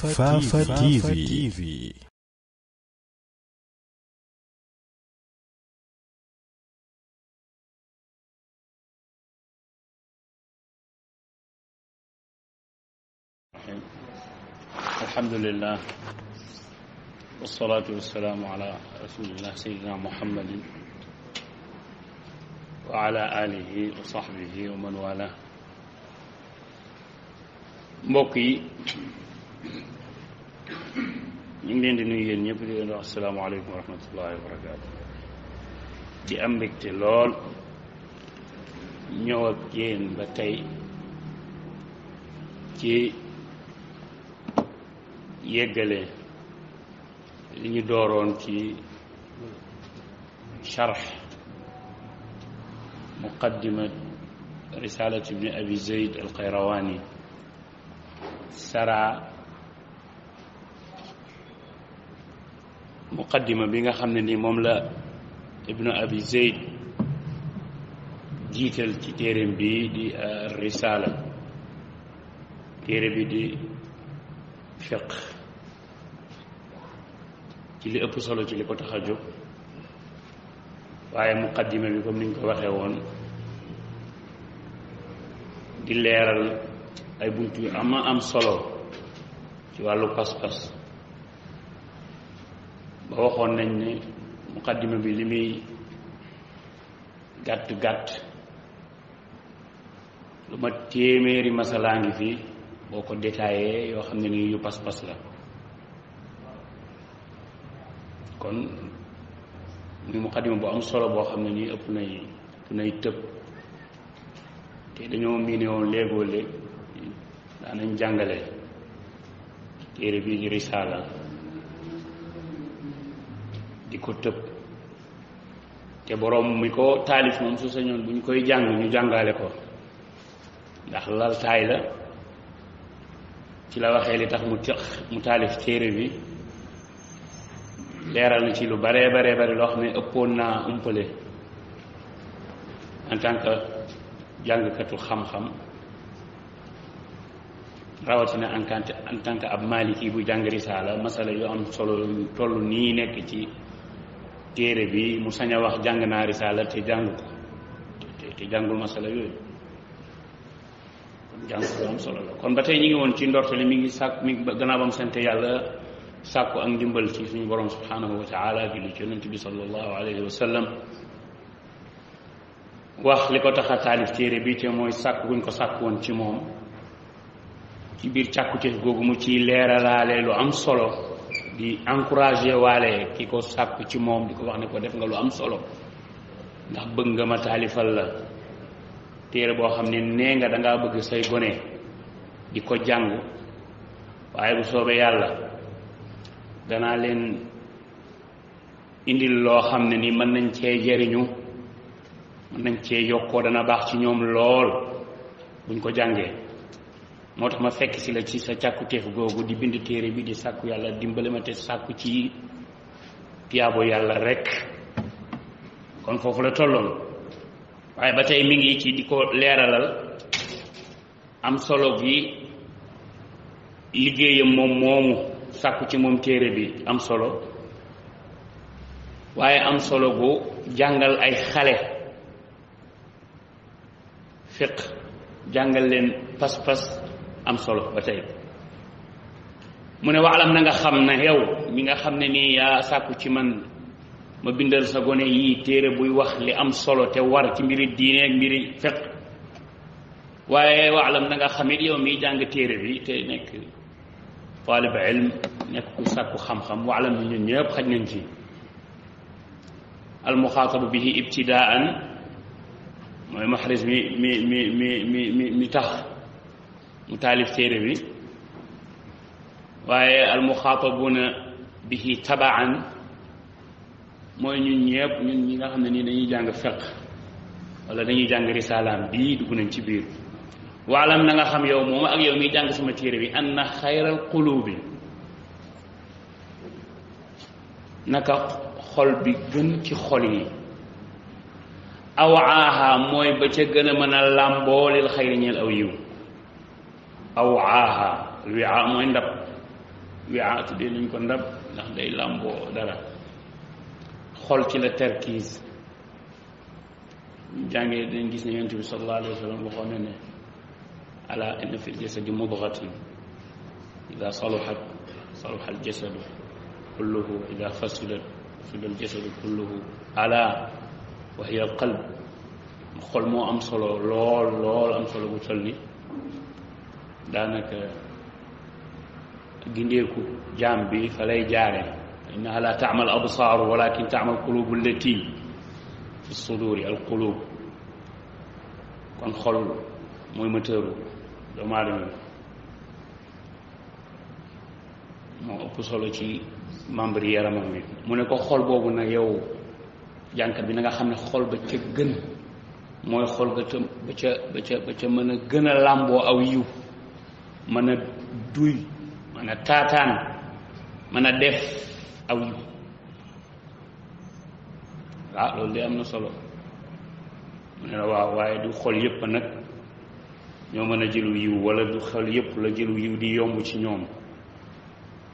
Fafa TV. الحمد لله والصلاة والسلام على رسول الله سيدنا محمد وعلى آله وصحبه ومن والاه mbokk yi ñu ngi leen di nuyu yéen ñëpp di leen wax asalaamaaleykum wa barakaatu di am mbégte lool ñëw ak batey ba tey ci yéggale li dooroon ci charx muqaddimat risalat ibni abi zeyd al qayrawaani sara muqaddima bi nga xam ne ni moom la ibnu abi zeyd jiital ci téereem bii di euh, risaala téere bi di fiq ci li ëpp solo ci li ko tax a jóg waaye muqaddima bi comme niñ ko waxee woon di leeral ay bunt yu am ama am solo ci wàllu pas-pas ba waxoon nañ ni muqaddima bi li muy gàtt gàtt lu ma téeméeri masalaa ngi fi boo ko detaayee yoo xam ne nii yu pas-pas la kon muy muqaddima bu am solo boo xam ne nii ëpp nay ëpp nay tëb te dañoo miine woon léegoo léeg daanañ jàngale téere bii di risaala di ko tëb te boroom mi ko taalif moom su sañoon bu ñu koy jàng ñu jàngaale ko ndax laltaay la ci la waxee li tax mu tëx mu taalif téere bi leeral na ci lu baree baree bari loo xam ne ëppoon naa umpale en tant que jàngkatu xam-xam rawatina en tant en tant que ab bu jàng risaala masala yu am solo toll nii nekk ci téere bi mu sañ a wax jàng naa risaala te jàng ko te te jàngul masala yooyu kon jàng am solo la kon ba tey ñu ngi woon ci ndortali mi ngi sàkk mi gannaaw bam sante yàlla sàkku ak ndimbal ci suñu borom subhanahu wa taala bi li bi sallallahu alayhi wa sallam wax li ko tax taalif téere bi te mooy sàkk guñ ko sàkk woon ci moom ci biir càkkuteef googu mu ciy leeralaale lu am solo di encouragé waale ki ko sàkku ci moom di ko wax ne ko def nga lu am solo ndax bëgg nga ma taalifal la téere boo xam ne nee nga dangaa bëgg say gone di ko jàng waaye bu soobee yàlla danaa leen indil loo xam ne ni mën nañ cee jëriñu mën nañ cee yokkoo dana baax ci ñoom lool buñ ko jàngee moo tax ma fekk la ci sa càkkutéef googu di bind téere bi di sàkku yàlla dimbale ma te sàkku ci piyaabo yàlla rekk kon foofu la tolloon waaye ba tey mi ngi ci di ko leeralal am solo bi liggéeyam moom moomu sàkku ci moom téere bi am solo waaye am solo bu jàngal ay xale fiq jàngal leen pas-pas am solo ba tey mu ne waalam na nga xam na yow mi nga xam ne nii yaa sàkku ci man ma bindal sa gone yii téere buy wax li am solo te war ci mbiri diine ak mbiri fiq waaye waalam na nga xam it yow miy jàng téere bi te nekk taalib ilm nekk ku sàkku xam-xam waalam ni ñun ñëpp xaj nañ ci almuxaatabu bihi ibtidaan mooy maxris mi mi mi mi mi mi tax mu taalif téere bi waaye almuxaatabuuna bihi tabaan mooy ñun ñëpp ñun ñi nga xam ne nii dañuy jàng feq walla dañuy jàng risalaam bii dugg nañ ci biir waalam na nga xam yow moom ak yow miy jàng sama téere bi anna xayral qulubi naka xol bi gën ci xol yi awaaha mooy ba ca gën a mën a làmboolil xayri ñeel aw yiw aw aaha wiaa mooy ndab wiaa tuddee nañ ko ndab ndax day làmboo dara xol ci la terkiis jàngee dañ gis ne yonent bi sallallahu alayhi wa sallam waxoon na ne ala inna fi ljasadi mudghatan ida saluhat saluha aljasadu kulluhu ida fasidat fasida aljasadu kulluhu ala wa hiya alqalb xol moo am solo lool lool am solo bu tol ni daanaka gindeeku jaam bi fa lay jaare innaha la taamal absaaru walakin taamal qulubu allati fi suduri al qulub kon xol mooy mëtëru doomu aadama moo ëpp solo ci membre yi yaramam bi mu ne ko xol boobu nag yow jànk bi nanga xam ne xol ba ca gën mooy xol ba ca ba ca ba ca mën a gën a làmboo aw yiw mën a duy mën a taataan mën a def aw yi waaw loolu de am na solo mu ne la waaw waaye du xol yépp nag ñoo mën a jëlu yiw wala du xol yépp la jëlu yiw di yomb ci ñoom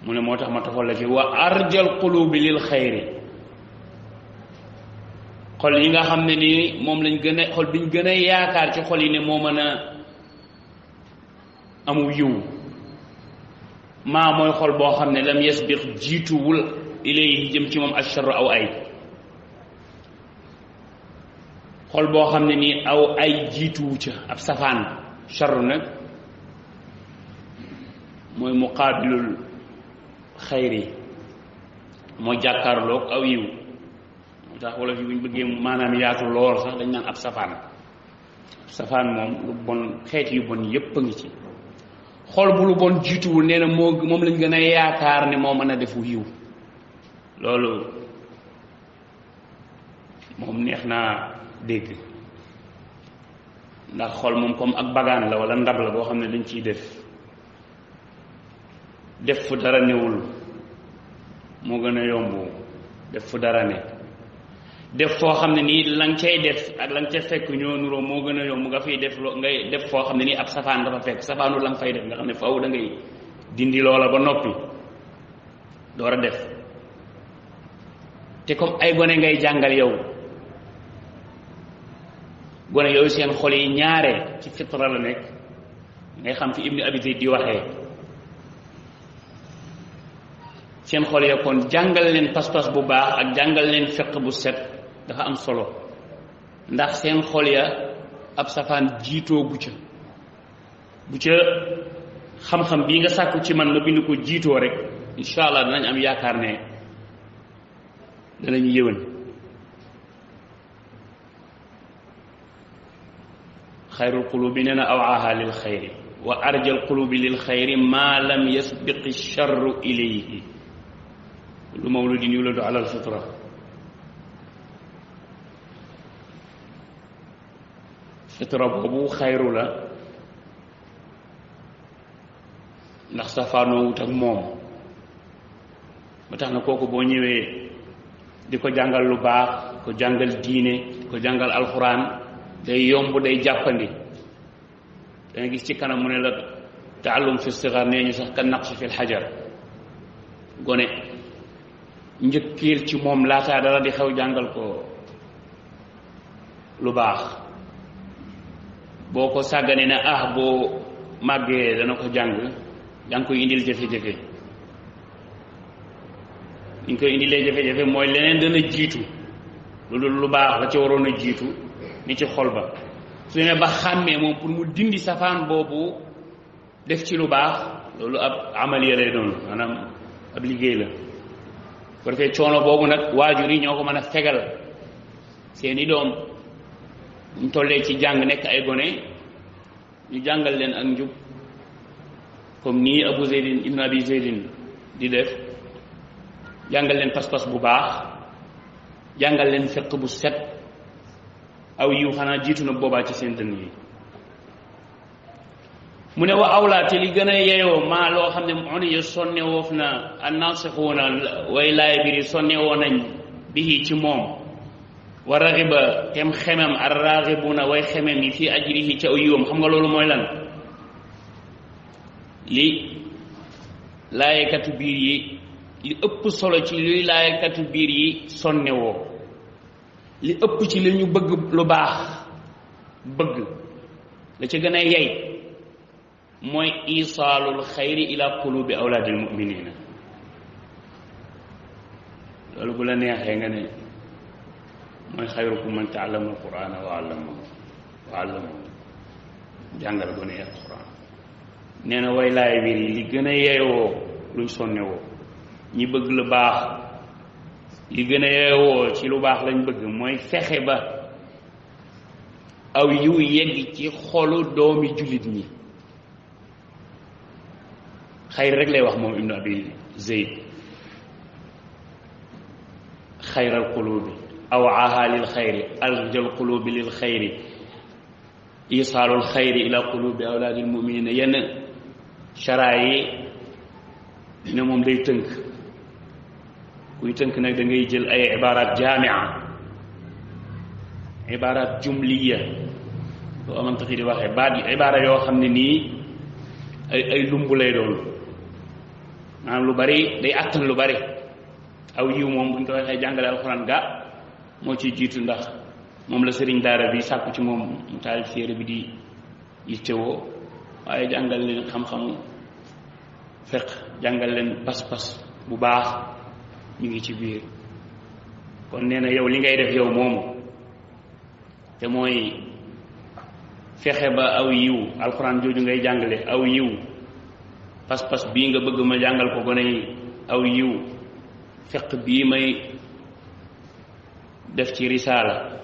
mu ne moo tax ma taxal la ci wa arjal qulubi lil xayri xol yi nga xam ne nii moom lañ gën a xol ñu gën a yaakaar ci xol yi ne moo mën a amul yiw maa mooy xol boo xam ne lam yasbiq jiituwul ilayhi jëm ci moom asharru aw ay xol boo xam ne nii aw ay jiituwu ca ab safaan charru nag mooy muqaabilul xayri mooy jàkkaarloog aw yiw moo wala fi buñ bëggee maanaam yaatu lool sax dañ naan ab safaan safaan moom lu bon xeet yu bon yépp a ngi ci xol bu lu bon jiituwul nee na moo moom lañ gën a yaakaar ne moo mën a defu yiw loolu moom neex naa dégg ndax xol moom comme ak bagaan la walla ndab la boo xam ne dañ ciy def def fu dara newul moo gën a yomb def fu dara ne def foo xam ne nii la nga def ak la nga ca fekk ñoo nuroo moo gën a mu nga fi def loo ngay def foo xam ne nii ab safaan dafa fekk safaanu la nga fay def nga xam ne faaw da ngay dindi ba noppi door a def te comme ay gone ngay jàngal yow gone yooyu seen xol yi ñaare ci fitra la nekk ngay xam fi ibnu abi zayd di waxee seen xol ya kon jàngal leen pas-pas bu baax ak jàngal leen fiq bu set dafa am solo ndax seen xol ya ab safaan jiitoo gu ca bu ca xam-xam bii nga sàkku ci man ma bind ko jiitoo rek incha allah danañ am yaakaar ne danañ yéwén xayrul qulubi nee na awaaha lil xayri wa arjal qulubi lil xayri ma lam yasbiqi charru ilayhi lu mawludin yuladu ala al fitra sutura boobu xayru la ndax safaanoo wut ak moom ba tax na kooku boo ñëwee di ko jàngal lu baax ko jàngal diine ko jàngal alxuraan day yomb day jàppandi da gis ci kanam mu ne la taalum fi sigar nee ñu sax ka naqs fi xajar gone njëkkiil ci moom laataa dara di xew jàngal ko lu baax boo ko sàgganee na ah boo màggee dana ko jàng danga koy indil jafe-jafe li ñu koy indilee jafe-jafe mooy leneen dana jiitu lu dul lu baax la ci waroon a jiitu ni ci xol ba su demee ba xàmmee moom pour mu dindi safaan boobu def ci lu baax loolu ab amaliya lay doon maanaam ab liggéey la parce que coono boobu nag waajur ñoo ko mën a fegal seeni doom ñu tollee ci jàng nekk ay gone ñu jàngal leen ak njub comme nii abu zeydin ibn abi zeydin di def jàngal leen pas-pas bu baax jàngal leen fiq bu set aw yiw xanaa jiitu na boobaa ci seen dënn yi mu ne wa awlaa te li gën a yeyoo maa loo xam ne on yo sonne woof na annasixuuna way laay biri sonne woo nañ bihi ci moom wa raxiba tem xemem ar raxibuna way xemem yi fii ajrihi ca yiwam xam nga loolu mooy lan li laayekatu biir yi li ëpp solo ci luy laayekatu biir yi sonnewoo li ëpp ci li ñu bëgg lu baax bëgg la ci gën a yey mooy isaalul xayri ila qulubi awlaadil muminina loolu bu la neexee nga ne mooy xayrukum man taallama alqurana wa wa allamahu jàngal gone yi alquran nee na way laay biir yi li gën a yeewoo luñ sonne ñi bëgg lu baax li gën a yeewoo ci lu baax lañ bëgg mooy fexe ba aw yiw yegg ci xolu doomi jullit ñi xayr rek lay wax moom ibnu abi zeyd xayral qulubi awaaha lil xayri arjal qulubi lil xayri isaalul xayri ila qulubi awlaadil muminina yenn sharaa yi ne moom day tënk kuy tënk nag da ngay jël ay ibarat jaamia ibarat jumliya loo amante xi di baat yoo xam ne nii ay ay lay doon maanaam lu bari day àttan lu bari aw yiw moom buñ ko waxee ga moo ci jiitu ndax moom la sëriñ daara bi sàkku ci moom mu taalif téere bi di yittewoo waaye jàngal leen xam-xamu feq jàngal leen pas-pas bu baax mu ngi ci biir kon nee na yow li ngay def yow moomu te mooy fexe ba aw yiw alxuraan jooju ngay jàngale aw yiw pas-pas bii nga bëgg ma jàngal ko gone aw yiw feq bii may def ci risaala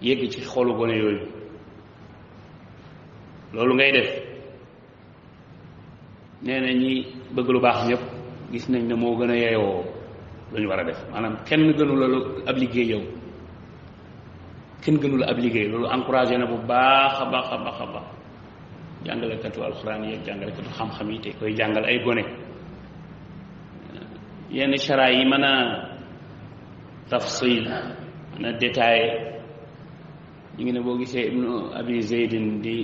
yëgg ci xoolu gone yooyu loolu ngay def nee na ñi bëgg lu baax ñëpp gis nañ ne moo gën a yeewoo lu ñu war a def maanaam kenn gënu la ab liggéey yow kenn gënu ab liggéey loolu encouragé na bu baax a baax a baax a baax jàngalekatu alxuraan yi jàngalekatu xam-xam yi te koy jàngal ay gone yenn chara yi mën tafsil na détaillé ñu ngi ne boo gisee ibnu abi zeydin di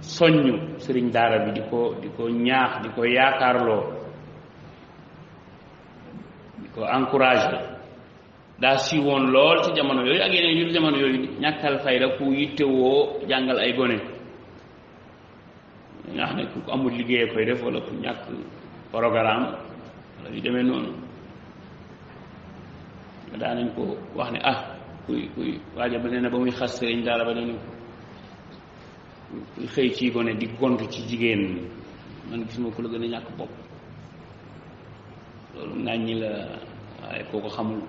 soññ sëriñ daara bi di ko di ko ñaax di ko yaakaarloo di ko encouragé daa si lool ci jamono yooyu ak yeneen yu jamono yooyu ñàkkal fayda ku yittewoo jàngal ay gone nga xam ne ku amul liggéey koy def wala ku ñàkk programme wala yu demee noonu daanañ ko wax ne ah kuy kuy waaja ba nee na ba muy xas sëriñ daala ba dañu kuy xëy ci gone di gont ci jigéen man gis ma ko la gën a ñàkk bopp loolu ŋàññi la waaye koo ko xamul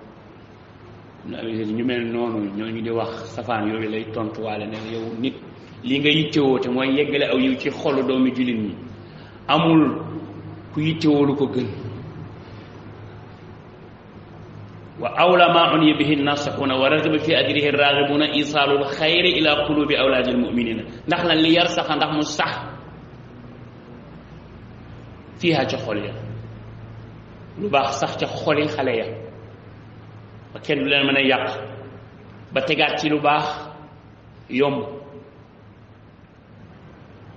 ñu mel noonu ñooñu di wax safaan yooyu lay tontuwaale ne yow nit li nga yittewoo te mooy yeggale aw yiw ci xolu doomi jullit ñi amul ku yittewoo lu ko gën wa awla ma uniya bihi nasihuna wa ragiba fi ajrihi raghibuna isaalul xayri ila qulubi awlaadil muminina ndax lan li yar saxa ndax mu sax fiiha ca xol ya lu baax sax ca xoli xale ya ba kenn du leen mën a yàq ba tegaat ci lu baax yomb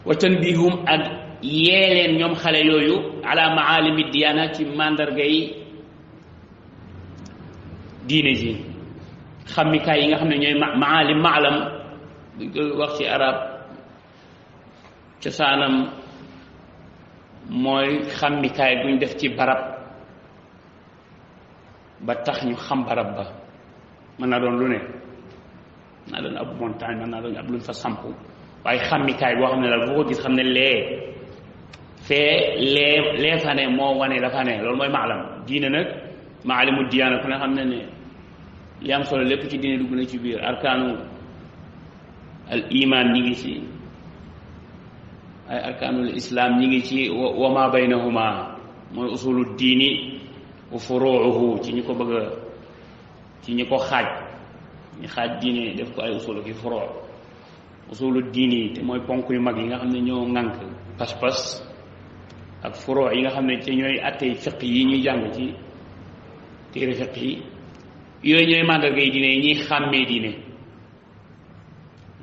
wa tanbihum ak yee leen ñoom xale yooyu ala maalimi diyaana ci màndarga yi diine ji xammikaay yi nga xam ne ñooy maalim maalam buñ ko wax ci arab cosaanam mooy xamikaay buñ def ci barab ba tax ñu xam barab ba mën naa doon lu ne mën naa doon ab montagne mën naa doon ab luñ fa samp waaye xammikaay boo xam ne daal boo gis xam ne lee fee lee lee fa ne moo wane dafa ne loolu mooy maalam diine nag maalimu diyaana ku ne xam ne ne li solo lépp ci diine dugg na ci biir arkaanu al iman ñi ngi ci ay arkaanul islaam ñi ngi ci wa ma baynahuma mooy usulu diini wa ci ñi ko bëgg a ci ñi ko xaaj ñi xaaj diine def ko ay usulu ki furuu usulu diini te mooy ponk yu mag yi nga xam ne ñoo ŋànk pas-pas ak furuu yi nga xam ne ci ñooy attey fiq yi ñuy jàng ci téere fiq yi yooyu ñooy màndarga yi diine ñuy xàmmee diine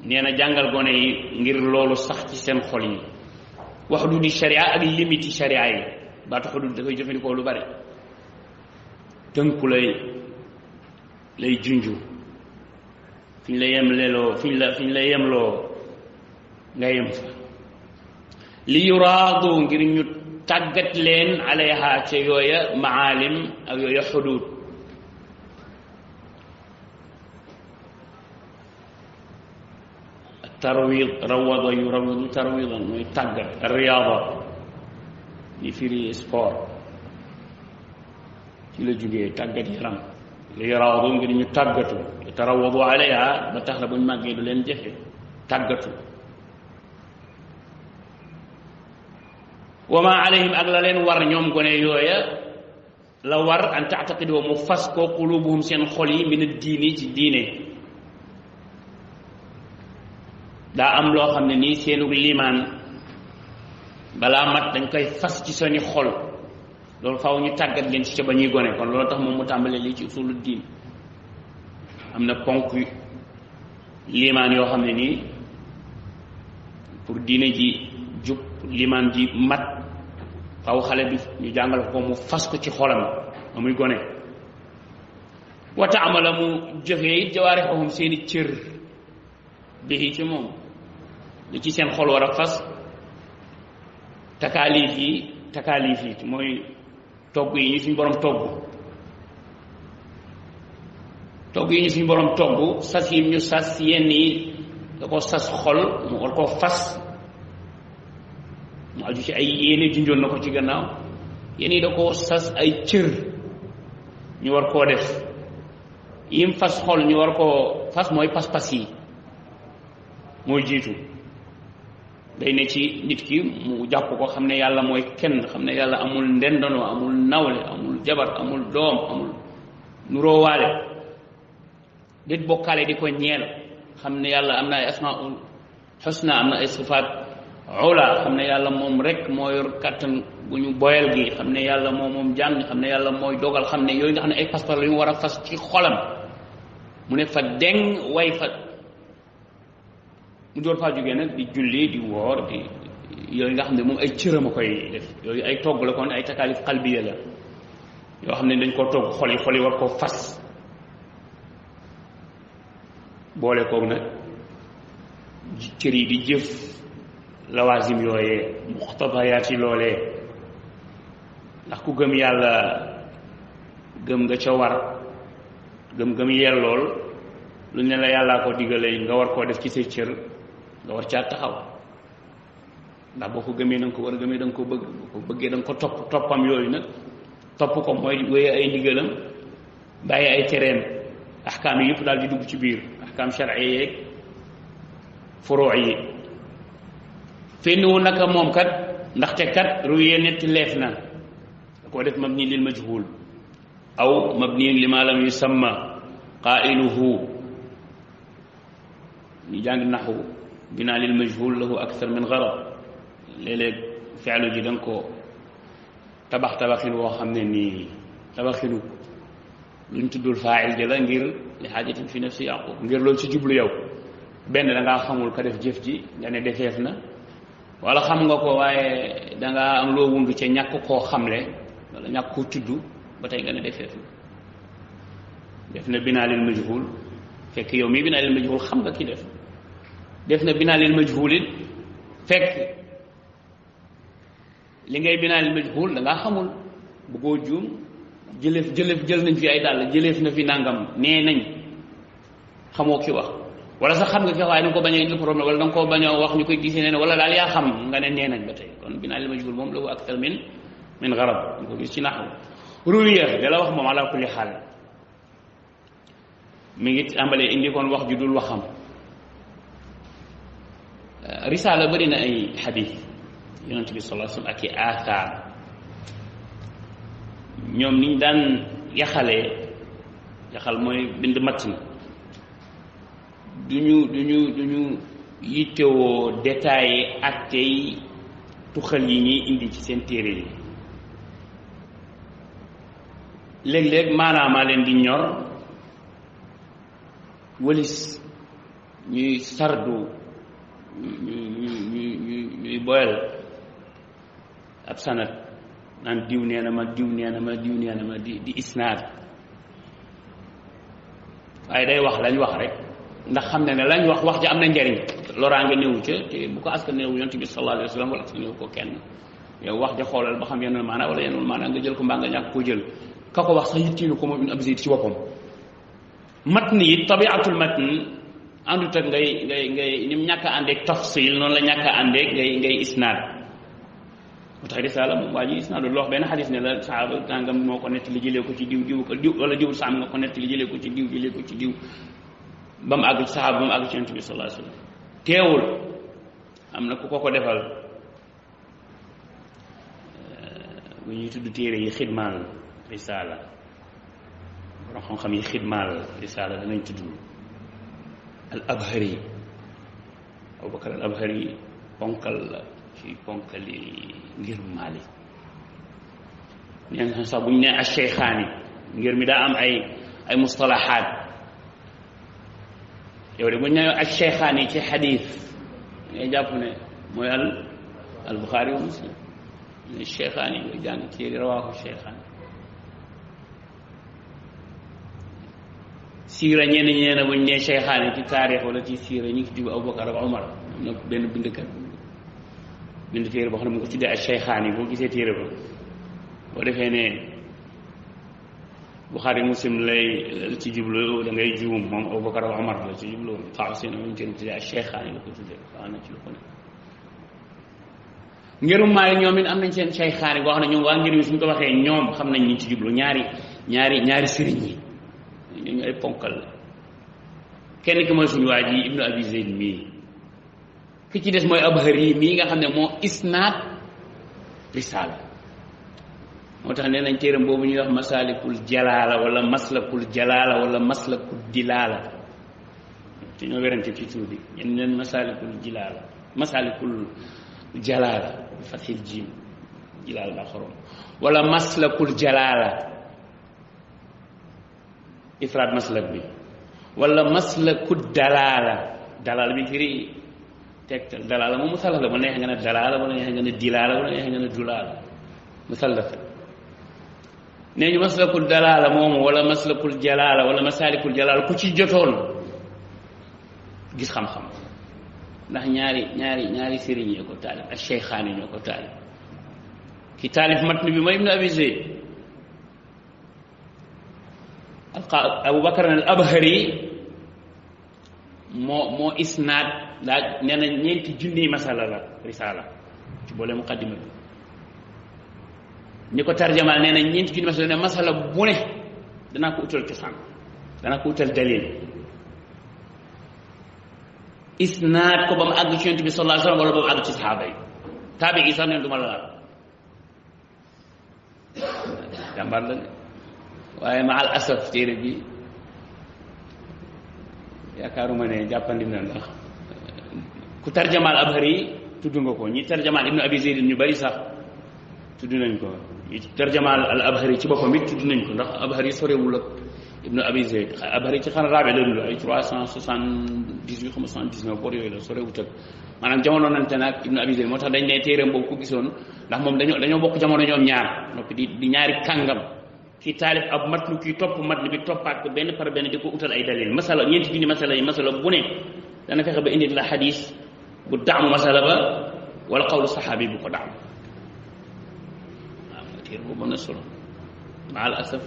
nee jàngal gone yi ngir loolu sax ci seen xol yi wax du di sharia ak limite yi sharia yi baatu xudud dafay jëfandikoo lu bare tënku lay lay junju fi ñu la yem leloo fi ñu la fi ñu yemloo nga yem fa li yuraadu ngir ñu tàggat leen alayha ca yooya maalim ak yooya xuduud tarwid rawada yu rawadu tarwidan muy tàggat riyaada di firi sport ci la jógee tàggat yaram li raawadu ngir ñu tàggatu te tarawadu alayha ba tax la buñ màggee du leen jafe tàggatu wa ma alayhim ak la leen war ñoom gone yooya la war an taxtaqidoo mu fas ko qulubuhum seen xol yi min diini ci diine daa am loo xam ne nii seenug limaan balaa mat dañ koy fas ci seeni xol loolu faw ñu tàggat leen ci ca ba ñuy gone kon loolu tax moom mu tàmbalee lii ci usulu diin am na ponk limaan yoo xam ne nii pour diine ji jub limaan ji mat faw xale bi ñu jàngal ko mu fas ko ci xolam muy gone wata amala mu jëfee it jawaarixahum seeni cër bi ci moom li ci seen xol war a fas takaalif yi takaalif yi mooy togg yi ñu suñu borom togg yi suñu borom togg sas yi ñu sas yenn yi da ko sas xol mu war koo fas mu aju ci ay yéene junjoon na ko ci gannaaw yéen yi da ko sas ay cër ñu war koo def yim fas xol ñu war koo fas mooy pas-pas yi mooy jiitu day ne ci nit ki mu jàpp ko xam ne yàlla mooy kenn xam ne yàlla amul ndendanoo amul nawle amul jabar amul doom amul nuroowaale dit bokkaale di ko ñeel xam ne yàlla am na ay asmaul xusna am na ay sifaat ola xam ne yàlla moom rek moo yor kàttan gu ñu boyal gi xam ne yàlla moo moom jàng xam ne yàlla mooy dogal xam ne yooyu nga xam ne ay paspas la ñu war a fas ci xolam mu ne fa deng way fa mu door faa di julli di woor yooyu nga xam ne moom ay cëram a koy def yooyu ay togg la kon ay takaalif xalbiya la yoo xam ne dañ koo togg xol yi xol yi war koo fas boole koog nag cër yi di jëf lawaasim yooyee muxtabayaat yi loole ndax ku gëm yàlla gëm nga ca war gëm-gëm yellool lu ne la yàllaa ko diggalee nga war koo def ci say cër nga war caa taxaw ndax boo ko gëmee da nga ko war a gëmee da ko bëgg boo ko bëggee da ko topp toppam yooyu nag topp ko mooy wéye ay ndigalam bàyyi ay tereem axkaam yi yëpp daal di dugg ci biir axkaam sharci yeeg furoo yi fa innahu naka moom kat ndaxte kat ruwiya netti leef na da koo def mabni lil majhul aw mabni lima lam yusamma qailuhu ñu jàng naxu binaa lil majhul lahu akthar min garab léeg-léeg fi'lu ji da nga ko tabax tabaxin woo xam ne nii tabaxinu luñ tuddul faa'il ji la ngir li xaajatin fi nafsi yaqub ngir loolu ci jublu yow benn da ngaa xamul ka def jëf ji nga ne defeef na wala xam nga ko waaye danga am loo wund ca ñàkk koo xamle wala ñàkk koo tudd ba tey nga ne defeetu def na binaa lil fekk yow mii binaa lil majhul xam nga ki def def na binaa lil majhul it fekk li ngay binaa lil majhul dangaa xamul bëggoo juum jëleef jëleef jël nañ fi ay dàll jëleef na fi nangam nee nañ xamoo ki wax wala sax xam nga ko waaye ko bañ a indil problème wala da koo bañ a wax ñu koy gisee nee na wala daal yaa xam nga ne nee nañ ba tey kon binaa li majhul moom lahu akthar min min garab la wax moom ala kulli xaal mi ngi tàmbalee indi kon wax ju dul waxam risaala bëri na ay xadiis yonent bi sallallahu alayhi ak i aakaar ñoom niñ daan yaxalee yaxal mooy bind matt duñu duñu duñu yittewoo détaillé ak tey tuxal yi ñuy indi ci seen téere yi léeg-léeg maanaamaa leen di ñor wëlis ñuy sardu ñuy ñuy ñuy ñuy boyal ab sanat naan diw nee ma diw nee ma di di waaye day wax lañ wax rek ndax xam ne ne lañ wax wax ji am na njariñ nga newu ca te bu ko aska néewu yonent bi sallallahu alayhi wa sallam wala aska néewu ko kenn yow wax ji xoolal ba xam yenul maanaa wala yenul maanaa nga jël ko mbaa nga ñàkk koo jël ka ko wax sax yittiinu ko moom ibn abzid ci boppam matn yi tabiatul matn àndut ak ngay ngay ngay ñim ñàkk a àndeeg tafsil noonu la ñàkk a ngay ngay isnaad moo waa ji isnaadu loox benn xadis ne la saaba tàngam moo ko nett li jëlee ko ci diw diw ko diw wala diw sàmm nga ko nett li jëlee ko ci diw jëlee ko ci diw ba mu àgg saxaaba ba mu àgg ci yonent bi sallallahu alayhi wa sallam teewul am na ku ko ko defal euh, bu ñuy tudd téere yi xidmaal risaala borom xam-xam yi xidmaal risaala danañ tudd al abhari abubakar al abhari ponkal la ci ponkali ngir maalik nee na sax bu ñu nee al sheykhaani ngir mi daa am ay ay mustalahaat yow de bu ñu nee ak cheikhaan ci xadis ngay jàpp ne mooy al al wa muslim ne cheikhaan yi ngay jàng ci rawaahu cheikhaan siira ñenn ñee na bu ñu ci taarix wala ci siira ñu ngi ci Abubakar ak Omar benn bindkat bind téere boo mu ngi ko tuddee ak cheikhaan yi boo ba boo defee Buxaari Muslim lay ci jublu da juum moom Abubakar wa Omar la ci jublu faaw si ne moom ci tuddee ak Cheikhaani la ko tuddee faaw am nañ seen Cheikhaani boo xam ne ñoom waa suñ ko waxee ñoom xam nañ ñu ci jublu ñaari ñaari ñaari sëriñ yi ñooñu ay ponkal la kenn ki mooy suñu waa ji Ibnu Abi mii ki ci des mooy Abhari mii nga xam ne moo isnaat risaala. moo tax nee nañ téeram boobu ñu wax masaalikul jalaala wala maslakul jalaala wala maslakul dilaala te ñoo werante ci tur bi ñen neen masaalikul jilaala jalaala fathil jiim jilaal ba xorom wala maslakul jalaala ifraat maslak bi wala maslakul dalaala dalaal bi firi tegtal dalaala moom musalaf la bu neexee nga ne dalaala bu neexee nga ne dilaala bu neexee dulaala musalaf nee ñu maslakul dalaala moomu wala maslakul jalaala wala masaalikul jalaala ku ci jotoon gis xam-xam ndax ñaari ñaari ñaari sëriñ ñoo ko taalif ak cheikhaani ñoo ko taalif ki taalif ni bi mooy ibnu abi zayd abu bakar al abhari moo moo isnaad daa nee na ñeenti junniy masala la risaala ci boole muqaddima ñi ko tarjamal nee na ñeenti junni masala ne masala bu ne danaa ko utal cosaan danaa ko utal dalil isnaat ko ba mu àgg ci yonent bi sallallahu alayhi wa sallam wala ba mu àgg ci saxaaba yi taabi yi du ma la laal waaye ma al asaf téere bi yaakaaruma ne jàppandi na ndax ku tarjamaal abhari tudd nga ko ñi tarjamaal ibnu abi zeydin ñu bari sax tudd nañ ko tarjamaal al abhari ci boppam it tudd nañ ko ndax abhari sorewul ak ibnu abi zayd abhari ci xan raabe la dul ay trois cent soixante-dix-huit xam soixante-dix-neuf bor yooyu la sorewut ak jamono nante naag ibnu abi zayd moo tax dañ ne téeréem boobu ko gisoon ndax moom dañoo bokk jamono ñoom ñaar di ñaari kàngam kii taalif ab matnu kii topp matnu bi toppaat ko benn par benn di ko utal ay dalil masala ñeenti junni masala yi masala bu ne dana fexe ba indi la xadis bu daamu masala ko daamu كثير ومنصرة مع الأسف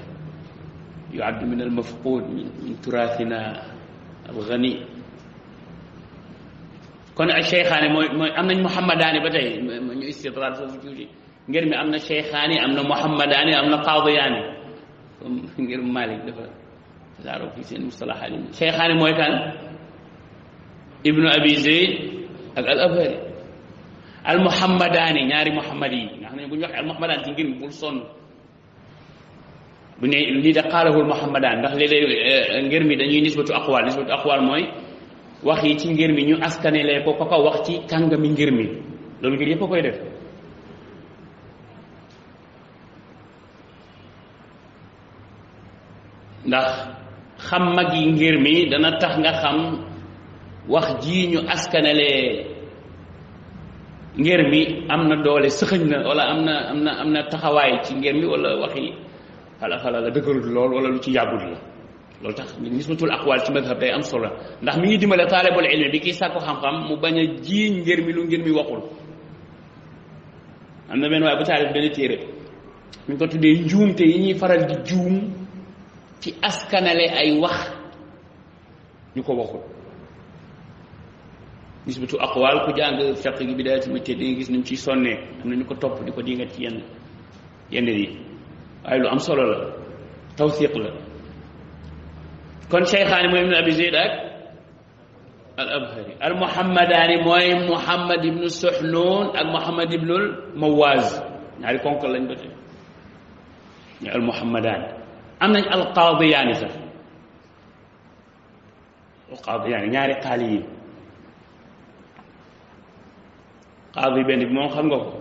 يعد من المفقود من تراثنا الغني kon ak cheykhaani mooy mooy am nañ muhammadaani ba tey ñu istidraat foofu tuuti ngir mi am na cheykhaani am na muhammadaani am na qaadiyaani comme ngir Malik dafa tasaaroo fii seen mustalahaat yi cheykhaani mooy kan ibnu abi zeyd ak al abhari al muhammadaani ñaari muhammad yi ñu bu ñu waxee almuhammadaan ci ngir mi bul sonn bu ne lii da xaalahul muhammadaan ndax léeg-léeg eh, ngir mi dañuy nisbatu aqwaal nisbatu aqwaal mooy wax yi ci ngir mi ñu askanelee ko ko ko wax ci kàngami ngir mi loolu ngir yépp a koy def ndax xam mag yi ngir mi dana tax nga xam wax ji ñu askanelee ngér mi am na doole sëxëñ na wala am na am na am na taxawaay ci ngér mi wala waxi xala xala la dëgërul lool wala lu ci yàggul la loolu tax nisbatul aqwaal ci madhab day am solo ndax mi ngi dimbale taalibul ilmi bi kii sàkku xam-xam mu bañ a jiiñ ngér mi lu ngér waxul am na benn waaye bu taalib benn téere ñu ko tuddee te yi ñuy faral di juum ci askanale ay wax ñu ko waxul nisbatu aqwaal ku jàng fiq gi bidaayatu mujtahid di nga gis nañ ciy sonnee am na ñu ko topp di ko dingat ci yenn lu am solo la tawsiq la kon Cheikhaani mooy ibnu abi Zayd al abhari al muhammadaani mooy muhammad ibnu Suxnuun ak muhammad ibnul Mawaaz ñaari konk lañ ko al muhammadaani nañ al qaadiyaani sax al qaadiyaani ñaari xaali yi xaadi benn moom xam nga ko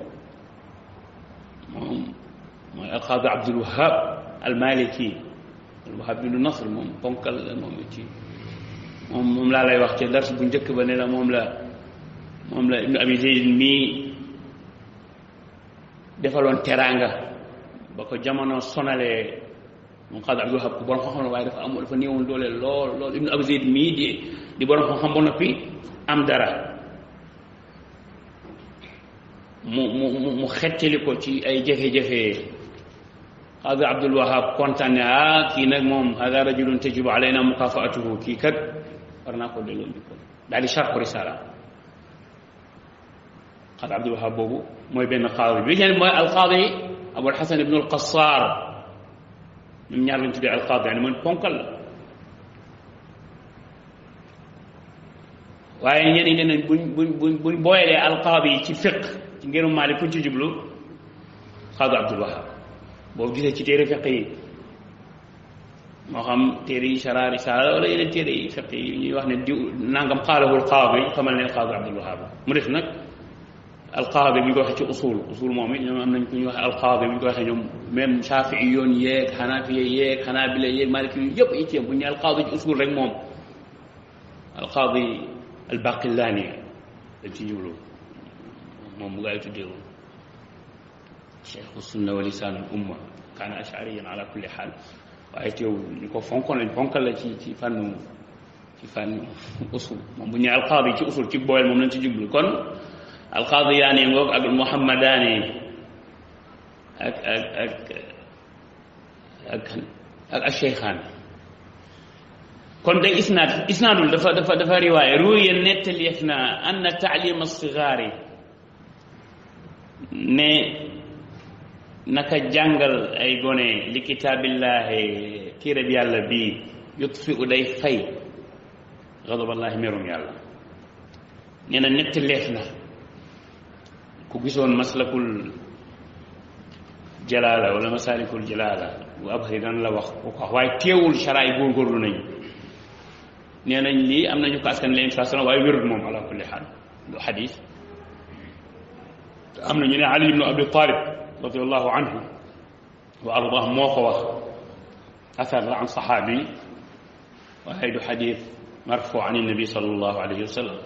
moom mooy alxaadi almaliki Abdul Wahab bi lu nasr moom la laa lay wax ci dars bu njëkk ba ne la moom la moom la abi zayd mii defaloon teraanga ba ko jamono sonalee moom xaadi Abdul Wahab ku borom xam-xam la waaye dafa amul dafa néewoon doole lool lool abi zayd mii di borom xam-xam ba noppi am dara mu mu mu xettali ko ci ay jafe-jafe hada abdul wahab kontaan ne ah kii nag moom hada rajulun tajibu alayna mukafaatuhu kii kat war naa ko delloo njukkal daal di sharxu risala hada abdul wahab boobu mooy benn qaadi bi ñeen mooy alqaadi abul xasan ibnu alqassaar ñoom ñaar lañ tuddee alqaadi yaani man ponkal la waaye ñeneen ñeneen buñ buñ buñ buñ booyalee alqaadi yi ci fiq ci ngirum Maalik ku ci jublu xaadu Abdul Wahab boobu gisee ci téere fiq yi moo xam téere yi saraari saala wala yeneen téere yi fiq yi ñuy wax ne diw nangam xaalawul xaaw bi xamal ne xaadu Abdul Wahab mu def nag alqaadi bi ñu ko waxee ci usul usul moom it ñoom am nañ ku ñuy wax alqaadi bi ñu ko waxee ñoom même shafii yoon yeeg xanafiye yeeg xanabila yeeg maliki yu yëpp itteem bu ñu alqaadi ci usul rek moom alqaadi albaqillani dañ ci jublu moom mu gaa yi tuddee woon cheikhu sunna wa lisaanul umma kaana ashariyan ala kulli xaal waaye teewul ñu ko fonkoon lañ fonkal la ci ci fànn ci fànn usul moom bu ñu alqaadi ci usul ci booyal moom lañ ci jublu kon alqaadi yaa ne ngoog ak muhammadaane ak ak ak ak ak acheykhaan kon day isnaad isnaadul dafa dafa dafa riwaaya ruya nettaleef na anna taalima sigaari ne naka jàngal ay gone li kitaabillahi téereb yàlla bii yutfi u day fay gadaballaahi merum yàlla nee na ñetti leef la ku gisoon maslakul jalaala wala masalikul jalaala bu abxari la wax ku ko wax waaye teewul saraay góorgóorlu nañu nee nañ lii am nañu ko askan leen sa sana waaye wérul moom ala kulli xaal lu xadis te am na ñu ne ali ibnu abi talib radiallahu anhu wa ardah moo ko wax athar la an saxaabi waaye du xadis marfu an nabi salallahu alayhi wa sallam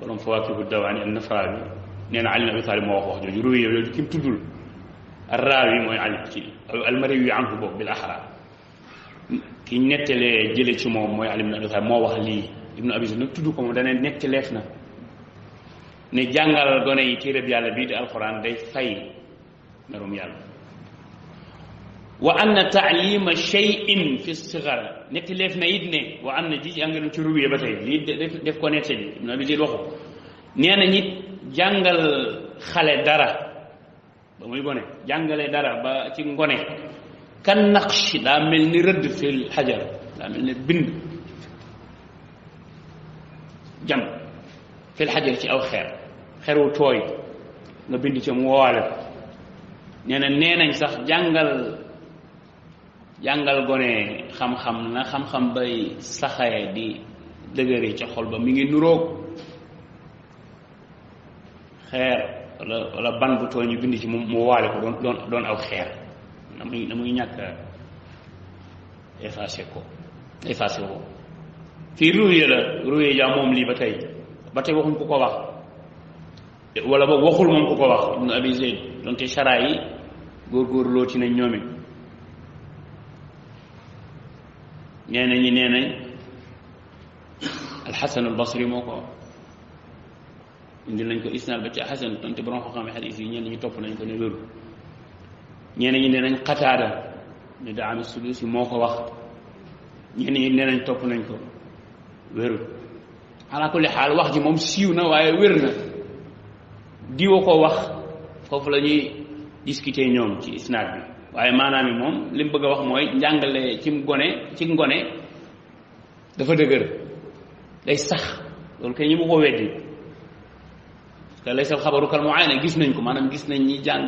borom fawaakihu dawaani an nafraa bi nee na ali ibn abi talib moo wax wax jooju ruwee yooyu kim tuddul arraawi mooy ali ci almariwi anhu boobu bil axra ki nettalee jële ci moom mooy ali ibn abi talib moo wax lii ibnu abi nag tudd ko moom dana nekk ci leef na ne jàngal gone yi téereb yàlla bii di alxuraan day fay merum yàlla wa anna taalima shay'in fi sigar netti leef na it ne wa anna ji yaa ngi ci ruwee ba tey lii def ko nette bi ibnu abi waxu nee na ñit jàngal xale dara ba muy gone jàngale dara ba ci ngone kan naqsh daa mel ni rëdd fil xajar daa mel ni bind jam fil ci aw xeer xeru tooy nga bind ci mu woowale ko nee na nee nañ sax jàngal jàngal gone xam-xam na xam-xam bay saxaye di dëgëre ca xol ba mi ngi nuroog xeer wala wala ban bu tooy ñu bind ci mu woowale ko doon doon aw xeer na muy ñàkk effacé ko kii ruuye la ruuye jaa moom lii ba tey ba tey waxuñ ku ko wax wala ba waxul moom ku ko wax ibnu abi zeyd donte chara yi góorgóorloo ci nañ ñoom it nee nañu nee nañ alxasan albasri moo ko indi nañ ko isnaad ba ci xasan donte borom xam-xam xadis yi ñenn topp nañ ko ne wéru ñenn ñi nee nañ xataada ne daami sulusi moo ko wax ñenn ñi nee nañ topp nañ ko wérul ala kulli xaal wax ji moom siiw na waaye wér na diwa ko wax foofu la ñuy discuter ñoom ci isnaad bi waaye maanaam yi moom li mu bëgg a wax mooy njàngale ci gone ci ngone dafa dëgër day sax loolu kay ñi mu ko weddi te lay sal xabaru kal mu ayna gis nañ ko maanaam gis nañ ñi jàng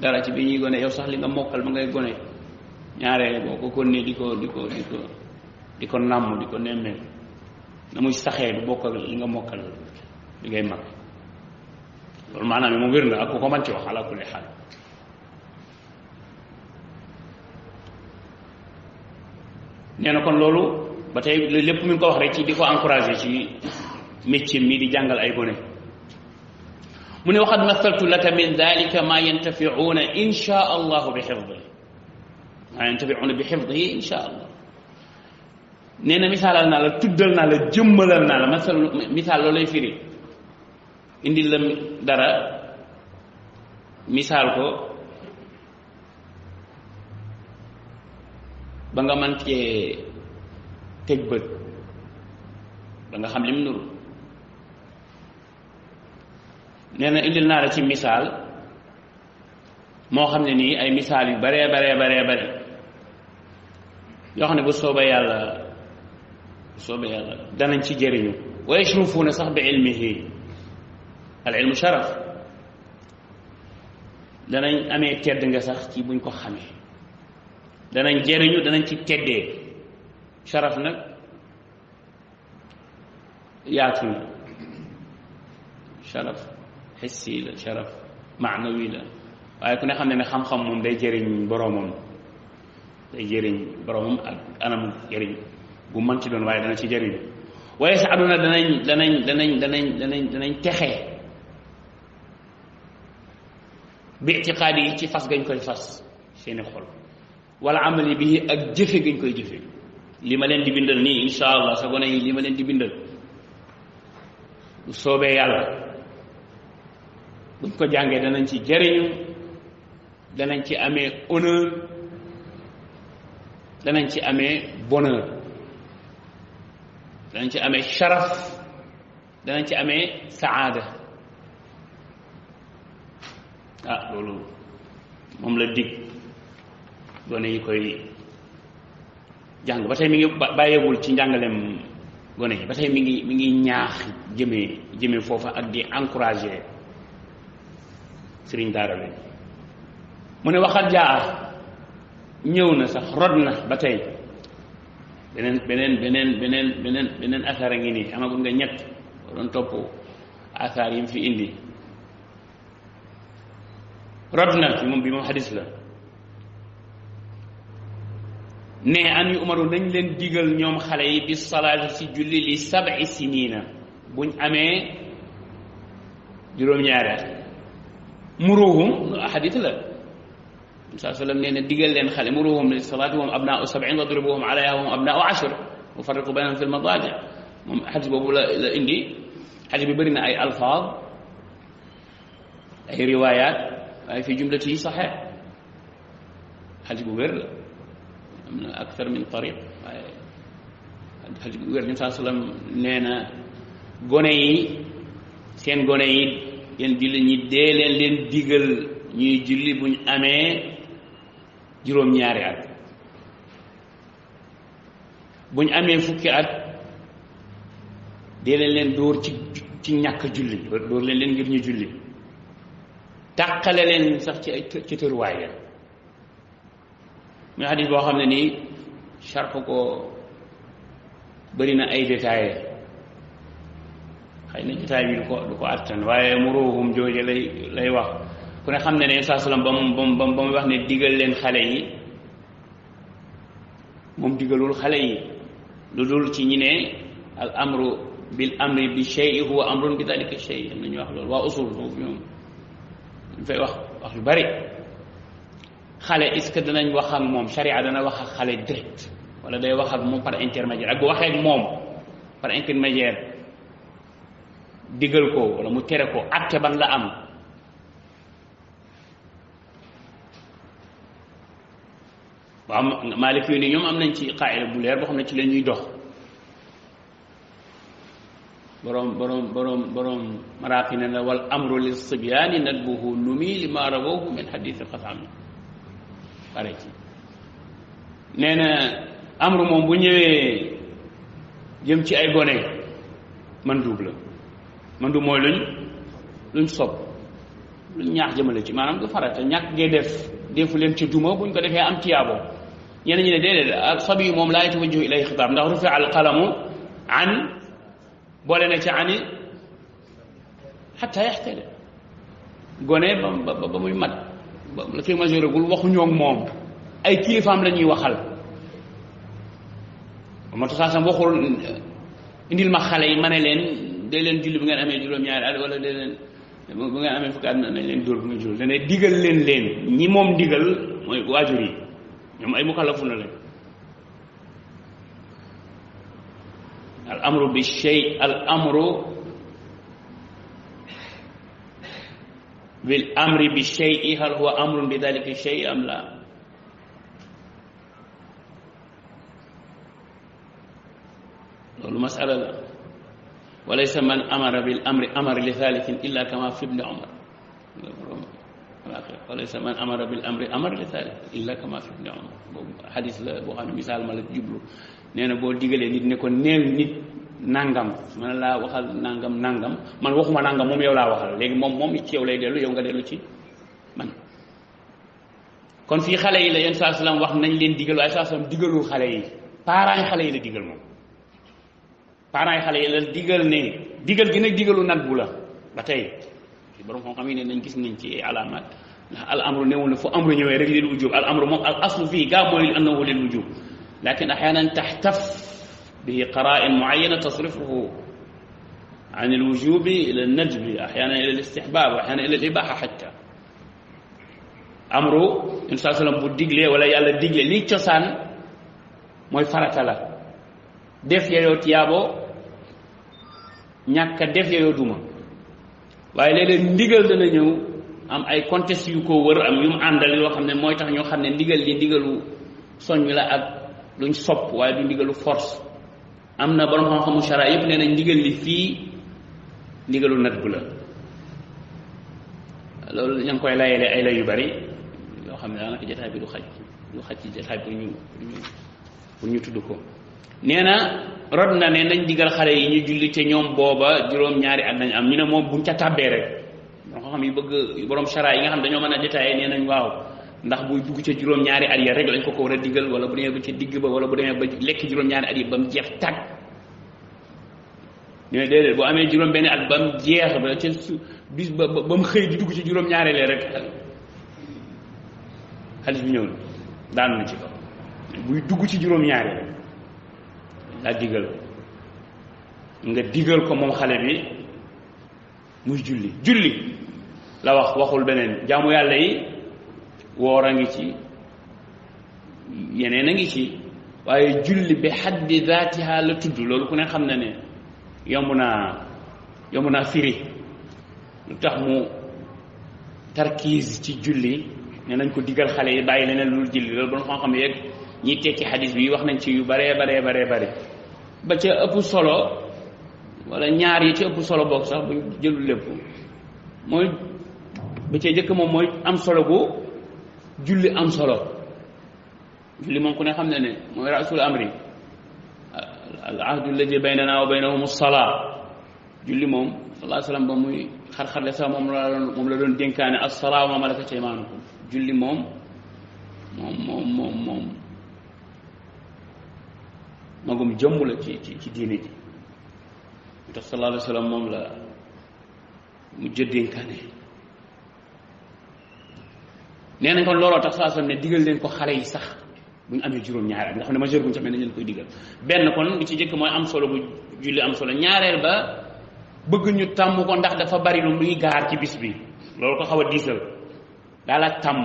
dara ci bi ñuy gone yow sax li nga mokkal ba ngay gone ñaaree boo ko kon ne di ko di ko di ko di ko nàmm di ko nemmee na muy saxee du bokk ak li nga mokkal li ngay mag loolu maanaam yi moom wér na ak ku ko mën ci wax ala kulli xaal nee na kon loolu ba tey lépp mi ngi ko wax rek ci di ko encouragé ci métier mi di jàngal ay gone mu ne waxat masaltu laka min dalika ma yantafiuuna insha allahu bi xifdihi ma yantafiuuna bi xifdihi insha allah nee na misaalal naa la tuddal naa la jëmmalal naa la masal misaal loolu lay firi indi la dara misaal ko ba nga mën cee teg bët da xam lim nuru nee na indil naa la ci misaal moo xam ne nii ay misaal yu baree baree baree bare yoo xam ne bu soobee yàlla soobee yàlla ci jëriñu wa yashrufuuna sax bi ilmihi al ilmu sharaf danañ amee tedd sax ci buñ ko xamee danañ jëriñu danañ ci teddee sharaf nag yaatu na sharaf xissi la sharaf maanawi la waaye ku ne xam ne ne xam-xam moom day jëriñ boroomam day jëriñ boroomam ak anam jëriñ bu mën ci doon waaye dana ci jëriñu waaye sa aduna danañ danañ danañ danañ danañ danañ texee bi itiqaadi yi ci fas gañ koy fas seeni xol wala amali bi ak jëfe gañ koy jëfe li ma leen di bindal nii insha allah sa gone yi li ma leen di bindal soobee yàlla buñ ko jàngee danañ ci jëriñu danañ ci amee honneur danañ ci amee bonheur danañ ci amee sharaf danañ ci amee saada ah loolu moom la dig gone yi koy jàng ba tey mi ngi bàyyeewul ci njàngaleem gone yi ba tey mi ngi mi ngi ñaax jëme jëme foofa ak di encourager sëriñ daara bi mu ne waxat jaa ñëw na sax rod na ba tey beneen beneen beneen beneen beneen beneen asar a ngi nii amagul nga ñett boo doon topp asar yi fi indi rot na ci moom bi moom xadis la ne an yu umaru nañ leen digal ñoom xale yi bi salaati ci julli li sabi siniina buñ amee juróom-ñaari at muruhum xadis la saa sallam nee na digal leen xale muruhum li salaati wahum abnaau sabin wadribuhum alayha wahum abnaau ashur wa farriqu baynahum fil madaaji moom xadis boobu la la indi xadis bi bëri na ay alfaaz ay riwaayaat waaye fi jumlati yi saxee xadis bu wér la am na akthar min tariq waaye xadis bu wér ñoom saa sallam nee na gone yi seen gone yi yéen julli ñi dee leen leen digal ñuy julli buñ amee juróom-ñaari at buñ amee fukki at dee leen leen dóor ci ci ñàkk julli dóor leen leen ngir ñu julli tàqale leen sax ci ay ci tërwaay ya muy xadis boo xam ne nii sharx ko bëri na ay détails xëy na détail bi du ko du ko attan waaye mu ruuxum jooje lay lay wax ku ne xam ne ne saa salaam ba mu ba mu wax ne digal leen xale yi moom digalul xale yi lu dul ci ñi ne al amru bil amri bi shay'i huwa amrun bi dalika shay am na ñu wax loolu waa usul foofu ñoom wax wax lu bari xale est-ce que danañ wax moom sharia dana wax ak xale direct wala day wax ak moom par intermédiaire ak bu waxee moom par intermédiaire diggal ko wala mu tere ko acte ban la am ba am maalik yu ñoom am nañ ci xaayida buleer leer boo xam ne ci la ñuy dox boroom boroom boroom boroom maraaqi na wal amru li sibyaani nadbuhu numi li ma rawahu min xadiisi xasaam pare ci nee na amru moom bu ñëwee jëm ci ay gone man duub la man du mooy luñ luñ sopp luñ ñaax jëmale ci maanaam du farata ñàkk ngay def defu leen ci duma buñ ko defee am tiyaaboo ñenn ñi ne déedéet ak sabiyu moom laa yatawajjahu ilay xitaab ndax rufi al qalamu an boole na ci ani xataa yaxtale gone ba ba ba muy mat ba la koy majoré gul waxuñoo ak moom ay kilifaam la ñuy waxal moo tax saasam waxul indil ma xale yi ma ne leen day leen julli bu ngeen amee juróom-ñaari at wala day leen bu ngeen amee fukki at nañ leen dóor bu ngeen julli dana digal leen leen ñi moom digal mooy waajur yi ñoom ay mukallafu na lañ al amru bi shay al amru bil amri bi shay hal huwa amrun bi dalika shay am la loolu masala la walaysa man amara bil amri amara li thalithin illa kama fi ibni omar alaxira walaysa man amara bil amri amara li taalif illa kama fi ibni omar xam ne misaal ma la jublu nee na boo digalee nit ne ko neel nit nangam man laa waxal nangam nangam man waxuma nangam moom yow laa waxal léegi moom moom ci yow lay dellu yow nga dellu ci man kon fii xale yi la yenn saa salaam wax nañ leen digal waaye saa salaam xale yi parents xale yi la digal moom yi xale yi digal ne digal gi nag digalu nag bu la ba tey borom xam-xam yi ne nañ gis nañ ci alaamat ndax al amru newul ne fu amru ñëwee rek lil wujub al amru moom al aslu fii gaa mooy annahu lil wujub lakin axyanan taxtaf bihi qara'in muayyana tasrifuhu an al wujubi ila al najbi axyanan ila al istihbab wa axyanan ila al ibaha xatta amru in saa sallam bu diglee wala yàlla digle lii cosaan mooy farata la def yeyoo tiyaaboo ñàkk a def yeyoo duma waaye léeg-léeg ndigal dana ñëw am ay contexte yu ko wër am yu mu àndal yoo xam ne mooy tax ñoo xam ne ndigal li ndigalu soññ la ak luñ sopp waaye du ndigalu force am na borom xam-xamu sharaa yépp nee nañ ndigal li fii ndigalu nattu la loolu ña ngi koy layeele ay lay yu bari yoo xam ne daanaka jotaay bi du xaj du xaj ci jotaay bu ñu bu ñu tudd ko nee na rod na ne nañ digal xale yi ñu julli te ñoom booba juróom ñaari at nañ am ñu ne moom buñ ca tàbbee rek xam-xam yi bëgg borom chara yi nga xam dañoo mën a détaillé nee nañ waaw ndax buy dugg ca juróom-ñaari at ya rek lañ ko ko war a diggal wala bu demee ba ca digg ba wala bu demee ba lekk juróom-ñaari at ba mu jeex tag boo amee juróom benn at jeex ba ca su ba ba mu xëy di dugg ci juróom-ñaareele rek xaalis bi ñëw daanu na ci kaw buy dugg ci juróom-ñaareel laa diggal nga diggal ko moom xale bi muy julli julli la wax waxul beneen jaamu yàlla yi woor a ngi ci yeneen a ngi ci waaye julli bi xaddi zaatiha la tudd loolu ku ne xam na ne yomb naa yomb naa firi lu tax mu tarkiis ci julli ne nañ ko digal xale yi bàyyi leneen lu julli loolu ba xam-xam yeeg ñiy tekki xadis bi wax nañ ci yu baree baree baree bare ba ca ëpp solo wala ñaar yi ca ëpp solo boog sax buñ jëlul lépp mooy ba cee jëkk moom mooy am solo gu julli am solo julli moom ku ne xam ne ne mooy rasul amri al ahdu alladi baynana wa baynahum salaa julli moom salaa sallam muy xar-xarle sax moom la doon moom la doon dénkaane as-salaa wa ma malakat aymaanukum julli moom moom moom moom magum jëmm la ci ci ji mu salaa alayhi wa sallam moom la mu jëdénkaane nee nañ kon looloo tax saa ne digal leen ko xale yi sax bu ñu amee juróom-ñaari bi nga xam ne majeur bu ñu sax ne nañ leen koy digal benn kon lu ci jëkk mooy am solo bu julli am solo ñaareel ba bëgg ñu tàmm ko ndax dafa bari lu muy gaar ci bis bi loolu ko xaw a diisal daalaat ak tàmm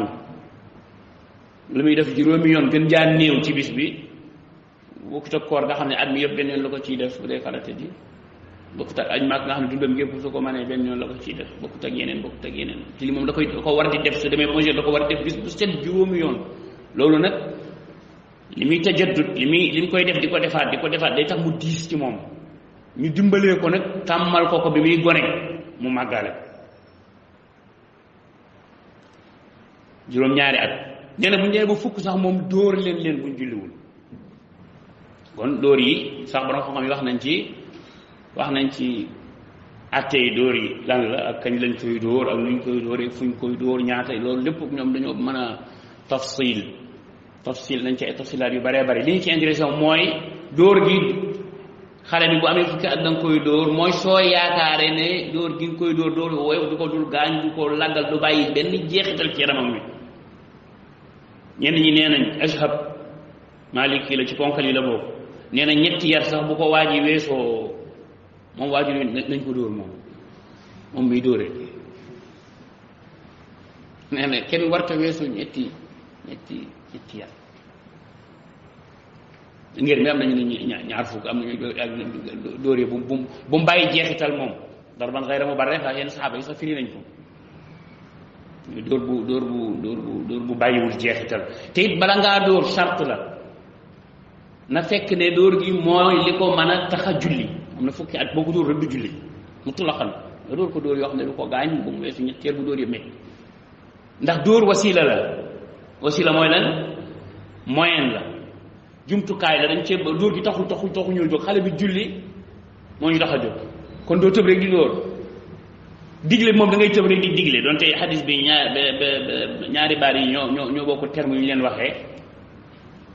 lu muy def juróomi yoon gën jaa néew ci bis bi bokkut ak koor nga xam ne at mi yëpp beneen la ko ciy def bu dee farata ji bokkut ak aj maak nga xam ne dundam gépp su ko mënee benn yoon la ko ciy def bokkut ak yeneen bokkut ak yeneen ci ko war di def su demee congé da ko yoon loolu nag li muy tajaddut li muy li mu koy def di ko defaat di ko defaat day tax mu diis ci moom ñu dimbalee ko nag tàmmal ko ko bi muy gone mu màggale juróom-ñaari at nee bu ñu ba fukk sax moom dóor leen leen buñ julliwul kon dóor yi sax borom xam-xam yi wax nañ ci wax nañ ci attey dóor yi lan la ak kañ lañ koy dóor ak nuñ koy dóoree fuñ koy dóor ñaata loolu lépp ñoom dañoo mën a tafsil tafsil nañ ci ay tafsilaat yu baree bari li ñu ci intéressé mooy dóor gi xale bi bu amee fukki at da koy dóor mooy soo yaakaaree ne dóor gi nga koy dóor dóor wooyof du ko dul gaañ du ko laggal du bàyyi benn jeexital ci yaramam wi ñenn ñi nee nañ ashab maliki la ci ponkal yi la boobu nee na ñetti yar sax bu ko waaj moom waajur wi nañ ko dóor moom moom muy dóoree nee na kenn warta weesu ñetti ñetti ñetti yar ngir mi am nañu ne ñaar fukk am nañu dóoree bu bu bu bàyyi jeexital moom darban xayra mu bare ndax yenn saxaaba yi nañ ko dóor bu dóor bu dóor bu dóor bu bàyyiwul jeexital te bala ngaa dóor charte la na fekk ne dóor gi mooy li ko mën a tax a julli am na fukki at boo ko dóor rek du julli mu tulaxan nga dóor ko dóor yoo xam ne du ko gaañ ba mu weesu ñetteer bu dóor yi métti ndax dóor wasila la wasila mooy lan moyen la jumtukaay la dañ cee dóor gi taxul taxul taxul ñoo jóg xale bi julli moo ñu tax a jóg kon doo tëb rek di dóor digle moom da ngay tëb rek di digle donte xadis bi ñaari baar yi ñoo ñoo ñoo bokk terme yu ñu leen waxee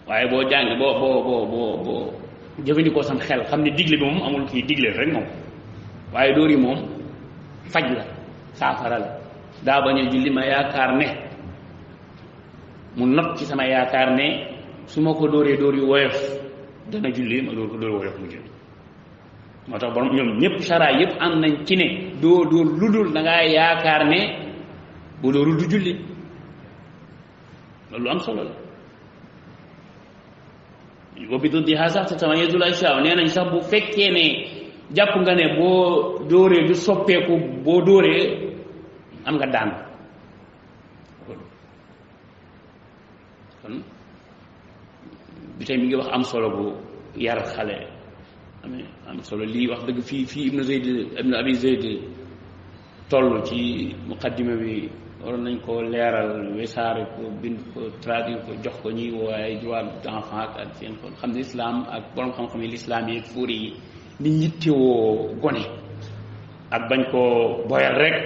waaye boo jàng boo boo boo boo boo jëfandikoo sam xel xam ne digle bi moom amul kii digle rek moom waaye dóor yi moom faj la saafara la daa bañ a julli ma yaakaar ne mu not ci sama yaakaar ne su ma ko dóoree dóor yu woyof dana julli ma dóor ko dóor woyof mu julli moo tax borom ñoom ñëpp sara yëpp am nañ ci ne doo dóor lu dul da yaakaar ne bu dóorul du julli loolu am solo la ñu ko bidundihaa sax te tamayyuzul ashyaa'u nee nañ sax bu fekkee ne jàpp nga ne boo dóoree du soppeeku boo dóoree am nga daan bi tey mi ngi wax am solo bu yar xale am am solo lii wax dëgg fii fii ibnu Zayd ibnu Abi Zayd toll ci muqaddima bi waroon nañ ko leeral wisaare ko bind ko traduire ko jox ko ñuy wooye droit d'enfant ak seen kon xam ne islam ak borom xam-xam yi lislaam yi ak fuur yi ni yittewoo gone ak bañ koo boyal rek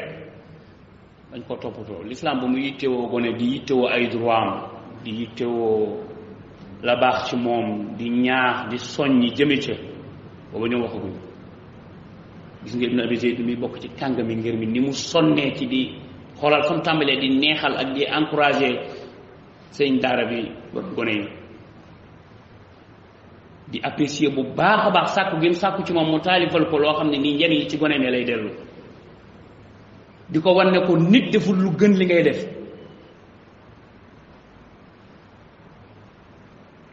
toppatoo lislaam ba mu yittewoo di yittewoo ay droit di yittewoo la baax ci moom di ñaax di soññi jëme ca booba ñoom waxaguñ gis nga ibnu abi zayd mi bokk ci kàngami ngir mi ni mu sonnee ci di xoolal fa tàmbalee di neexal ak di encourager sëñ daara bi gone yi di apprécier bu baax a baax sàkku gi mu sàkku ci moom mu taalifal ko loo xam ne nii njariñ yi ci gone ne lay dellu di ko wan ne ko nit deful lu gën li ngay def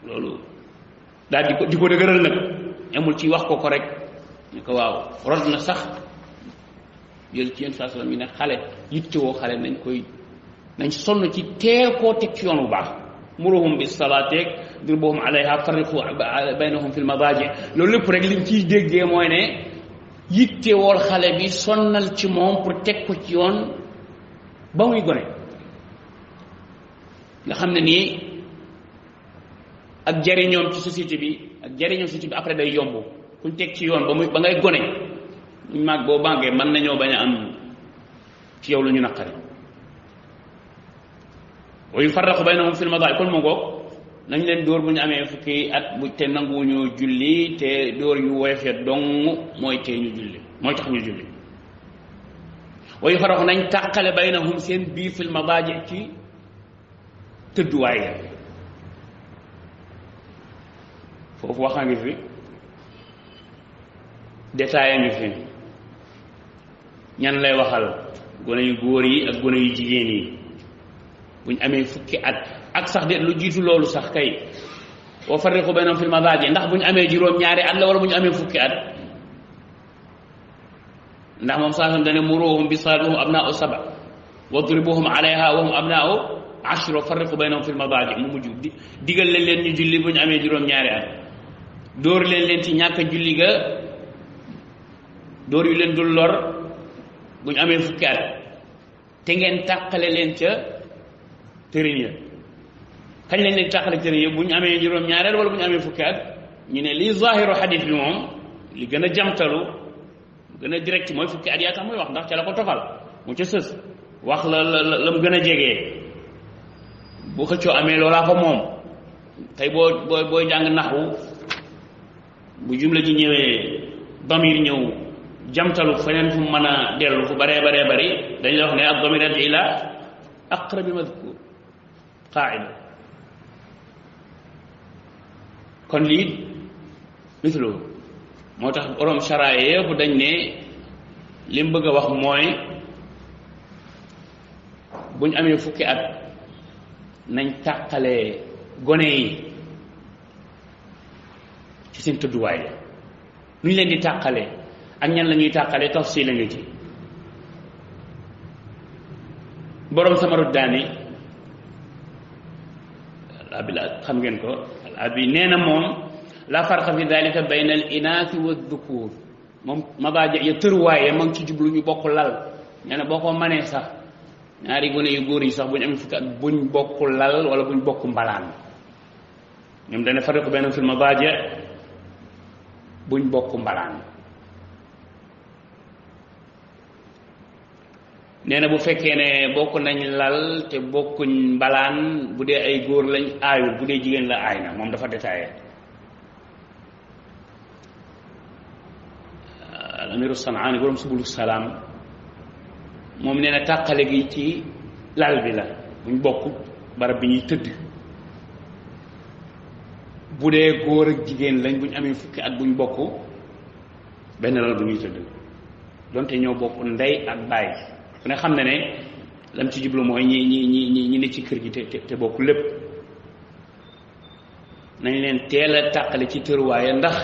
loolu daal di ko di ko dëgëral nag amul ci wax ko ko rek ñu ko waaw rot na sax yéen ci yéen saa salaam yi ne xale yittewoo xale nañ koy nañ sonn ci teel koo teg ci yoon bu baax muruhum bi salaateeg durbuhum alayha farriqu baynahum fil madaaji loolu lépp rek liñ ciy déggee mooy ne yittewool xale bi sonnal ci moom pour teg ko ci yoon ba muy gone nga xam ne nii ak jariñoom ci société bi ak jariñoom société bi après day yomb kuñ teg ci yoon ba muy ba ngay gone mag boo bànkee mën nañoo bañ a am ci yow lu ñu naqari wa yufarraqu baynahum fil madaaj kon mu ngoog nañ leen dóor bu ñu amee fukki at bu te nanguwuñoo julli te dóor yu woyof ya dong mooy tee ñu julli mooy tax ñu julli wa yufarraqu nañ tàqale baynahum seen biir fil madaaj ci tëdduwaay ya foofu waxaa fi détaillé fi ñan lay waxal gone yu góor yi ak gone yu jigéen yi buñ amee fukki at ak sax de lu jiitu loolu sax kay wa farriqu baynahum fil madaaji ndax buñ amee juróom-ñaari at la wala buñ amee fukki at ndax moom saasam dane muruhum bi salaati wa hum abnaau saba wadribuhum alayha wa hum abnaau ashra wa farriqu baynahum fil madaaji mu mujj digal leen leen ñu julli buñ amee juróom-ñaari dóor leen leen ci ñàkk julli ga dóor yu leen dul lor bu ñu amee fukki at te ngeen tàqale leen ca tëriñ ya kañ lañ leen tàqale tëriñ ya bu ñu amee yuroom ñaareel wala bu ñu amee fukki at ñu ne lii zahiru xadis bi moom li gën a jamtalu gën a direct mooy fukki at yaa tax muy wax ndax ca la ko tofal mu ca sës wax la la la mu gën a jegee bu xëccoo amee loolaa ko moom tey boo boo booy jàng naxwu bu jumla ji ñëwee damir ñëw jamtalu feneen fu mën a dellu fu baree baree bari dañuy wax ne ab dominante ila aqrabi madkur qaida kon lii mislu moo tax borom saraaya yëpp dañ ne li mu bëgg a wax mooy bu ñu amee fukki at nañ tàqalee gone yi ci seen tëdduwaay la nu ñu leen di tàqalee ak ñan lañuy ñuy tàqale tafsil ci boroom Samarud Daani abi la xam ngeen ko abi nee na moom la farqa fi dalika bayna al inaasi wa dukuur moom mabaaje ya tërwaaye ma ngi ci jublu ñu bokk lal nee na boo ko mënee sax ñaari gone yu góor yi sax bu ñu amee fukki at buñ bokk lal wala buñ bokk mbalaan ñoom dana farriqu baynahum fil mabaaje buñ bokk mbalaan nee bu fekkee ne bokk nañ lal te bokkuñ mbalaan bu dee ay góor lañ aayul bu dee jigéen la aay na moom dafa détaillé al euh, amiru sanaani borom subulu salaam moom nee na tàqale gi ci lal bi la buñ bokk barab bi ñuy tëdd bu dee góor ak jigéen lañ buñ amee fukki at buñ bokk benn lal bu ñuy tëdd donte ñoo bokk ndey ak baay ku ne xam ne ne lam ci jublu mooy ñi ñi ñi ñi ñi ci kër gi te te bokkul lépp nañ leen teel a tàqale ci tëruwaaya ndax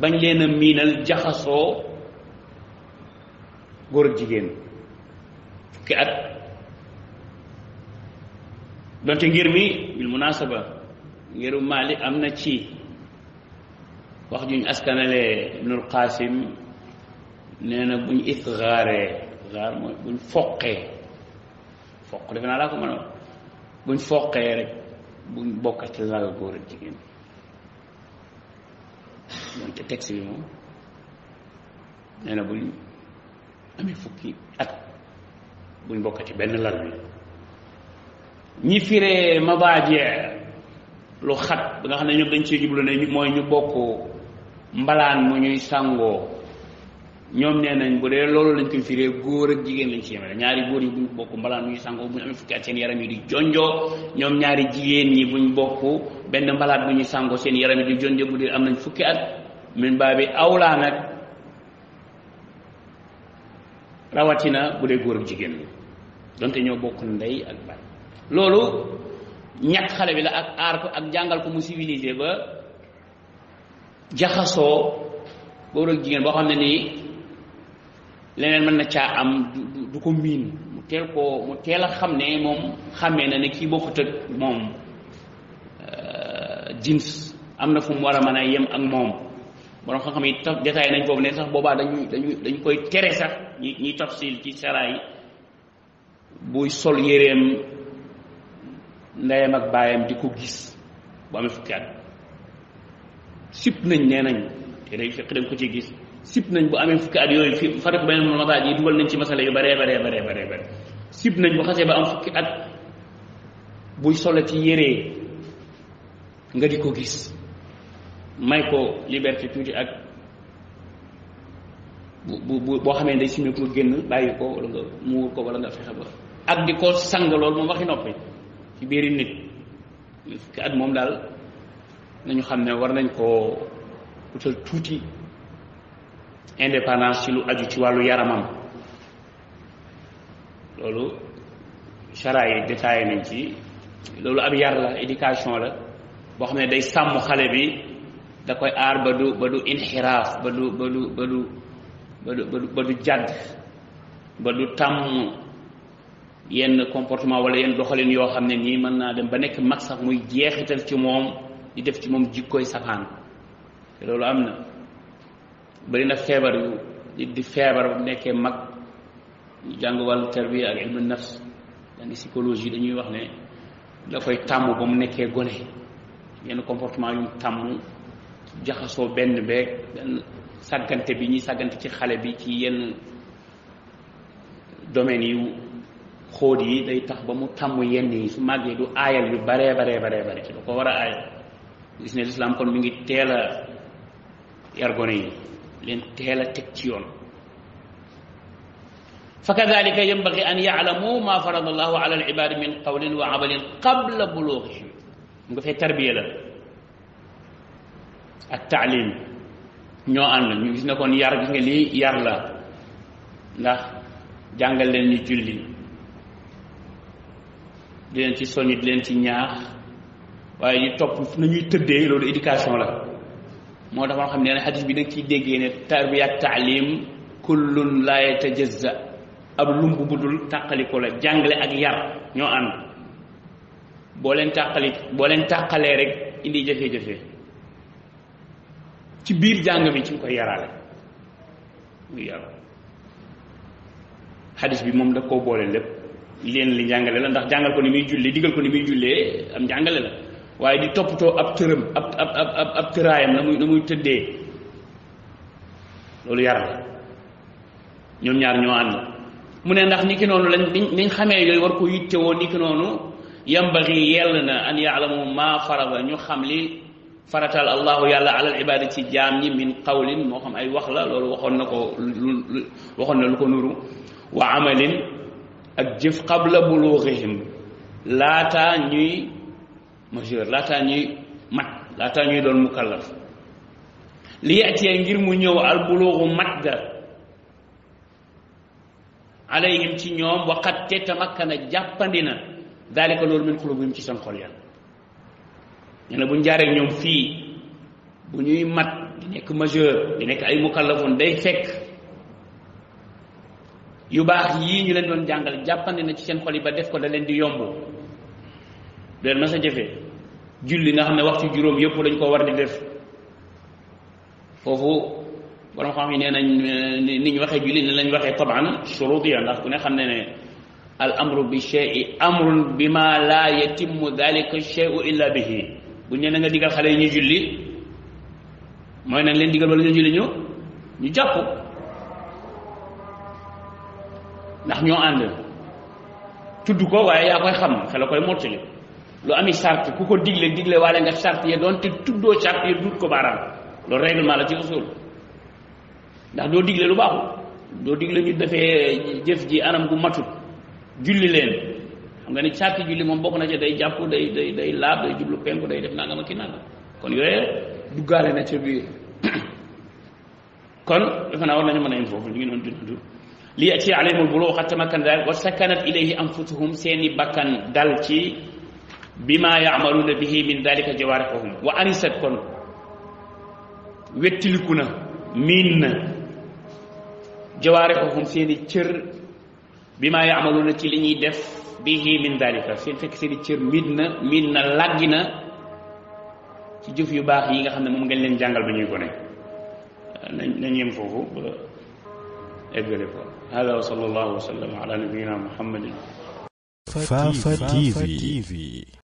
bañ leen a miinal jaxasoo góor ak jigéen fukki at donte ngir mi bil munasaba ngiru Maalik am na ci wax juñ askanale Ibnul Qaasim nee na buñ itgaaree gaar mooy buñ foqee foq defe naa laa ko mën a wax buñ foqee rek buñ bokk ci lal góor ak jigéen donc te texte bi moom nee buñ amee fukki ak buñ bokk ci benn lal bi ñi firee mabaajee lu xat ba nga xam ne ñoom dañ cee jublu ne mooy ñu bokk mbalaan mu ñuy sàngoo ñoom nee nañ bu dee loolu lañ koy firee góor ak jigéen lañ ci yemale ñaari góor yi buñ bokk mbalaan mu ñu sangoo bu ñu amee fukki at seen yaram yi di jonjoo ñoom ñaari jigéen ñi buñ bokk benn mbalaat bu ñu sangoo seen yaram yi di jonjoo bu dee am nañ fukki at min baa bi awlaa nag rawatina bu dee góor ak jigéen la donte ñoo bokk ndey ak baay loolu ñàkk xale bi la ak aar ko ak jàngal ko mu civilisé ba jaxasoo góor ak jigéen boo xam ne nii leneen mën na caa am du ko miin mu teel koo mu teel a xam ne moom xàmmee na ne kii bokkut ak moom euh, jins am na fu mu war a mën a yem ak moom borom xam-xam yi tax détaillé nañ foofu ne sax boobaa dañuy dañuy dañ koy tere sax ñi ñuy tafsil ci sara yi buy sol yéreem ndeyam ak baayam di ko gis bu amee fukki at sip nañ nee nañ te day fekk dañ ko ci gis sib nañ bu amee fukki at yooyu fi farat beneen mu masaaj yi dugal nañ ci masala yu baree bare bare baree bare sib nañ bu xasee ba am fukki at buy solo ci yére nga di ko gis may ko liberté tuuti ak bu bu boo xamee day simee ko génn bàyyi ko wala nga muur ko wala nga fexe ba ak di ko sang loolu moom waxi noppi ci biiri nit fukki at moom daal nañu xam ne war nañ koo utal tuuti indépendance ci lu aju ci wàllu yaramam loolu chara yi détaillé nañ ci loolu ab yar la éducation la boo xam ne day sàmm xale bi da koy aar ba du ba du inxiraaf ba du ba du ba du ba du ba jàdd ba du tàmm yenn comportement wala yenn doxalin yoo xam ne nii mën naa dem ba nekk mag sax muy jeexital ci moom di def ci moom jikkooy safaan te loolu am na bëri na feebar yu nit di feebar bu nekkee mag ñu jàng wàllu tarbiya ak ilmu nafs jàng psychologie dañuy wax ne da koy tàmm ba mu nekkee gone yenn comportement yu tàmm jaxasoo benn beeg benn sàggante bi ñuy sàggante ci xale bi ci yenn domaines yu xóot yi day tax ba mu tàmm yenn yi su màggee du aayal yu baree baree baree bare da ko war a aayal gis ne lislaam kon mi ngi teel a yar gone yi leen teel a teg ci yoon fa kadalika yanbagi an yaalamu ma farada allahu ala alibaadi min qawlin wa amalin qabla buluuxihim mu nga fay tarbiya la ak taalim ñoo ànd ñu gis ne kon yar gis nga lii yar la ndax jàngal leen ñu julli di leen ci soññ di leen ci ñaax waaye ñu topp na ñuy tëddee loolu éducation la moo tax xam ne xadis bi nag ciy déggee ne tarbiya ak taalim kullun laa yatajazza ab lumb bu dul tàqaliko la jàngale ak yar ñoo ànd boo leen tàqali boo leen tàqalee rek indi jafe-jafe ci biir jàng mi ci nga koy yaraale muy bi moom daf koo boole lépp leen li jàngale la ndax jàngal ko ni muy jullee digal ko ni muy jullee am jàngale la waaye di toppatoo ab tëram ab ab ab tëraayam na muy na muy tëddee loolu yar la ñoom ñaar ñoo ànd mu ne ndax ni ki noonu lañ niñ xamee yooyu war ko yittewoo ni ki noonu yambaxi yell na an yaalamu maa farada ñu xam li faratal allahu yàlla alal ibaada ci jaam ñi min qawlin moo xam ay wax la loolu waxoon na ko lu waxoon na lu ko nuru wa amalin ak jëf qabla buluuxihim laata ñuy majeur laataa ñuy mat laataa ñuy doon mukallaf li yatiyee ngir mu ñëw albuluuxu mat ga alayhim ci ñoom waxat te tamakkana jàppandi na daalika loolu min xulubihim ci seen xol ya ñu ne bu ñu ñoom fii bu ñuy mat di nekk majeur di nekk ay mukallafoon day fekk yu baax yii ñu leen doon jàngal jàppandi na ci seen xol yi ba def ko daleen di yomb leen mas a jëfee julli nga xam ne waxtu juróom yëpp lañ ko war di def foofu borom xam yi nee nañ ni ñu waxee julli ne lañ waxee taban shurutiya ndax ku ne xam ne ne al bi shay'i amrun bi ma laa yatimmu dalika shay'u illa bihi bu ñu ne nga digal xale yi ñu julli mooy nañ leen digal wala ñu julli ñu ñu jàpp ndax ñoo ànd tudd ko waaye yaa koy xam xel koy mottali lu ami charte ku ko digle digle waale nga charte ya doon te tuddoo charte ya duut ko baaraam loolu règlement la ci usul ndax doo digle lu baaxul doo digle ñu defee jëf ji anam gu matut julli leen xam nga ni charte julli moom bokk na ci day jàpp day day day laab day jublu penku day def nangam ak ki nangam kon yooyu duggaale na ca biir kon defe naa war nañu mën a yem foofu ñu ngi doon dund li ya'ti alayhimul buluugh hatta tamakkan daal wa sakanat ilayhi anfusuhum seeni bakkan dal ci bima yaamaluuna bihi min dalika jawaarixuhum wa arisat kon wettiliku na miin na jawaarixuhum seeni cër bima yaamaluuna ci li ñuy def bihi min dalika seen fekk seeni cër miin na miin na làggi na ci jëf yu baax yi nga xam ne moom ngeen leen jàngal ba ñuy gone nañ nañ yem foofu ba eggale ko hada wa sallallahu wa sallam ala nabiyina muhammadin Fafa TV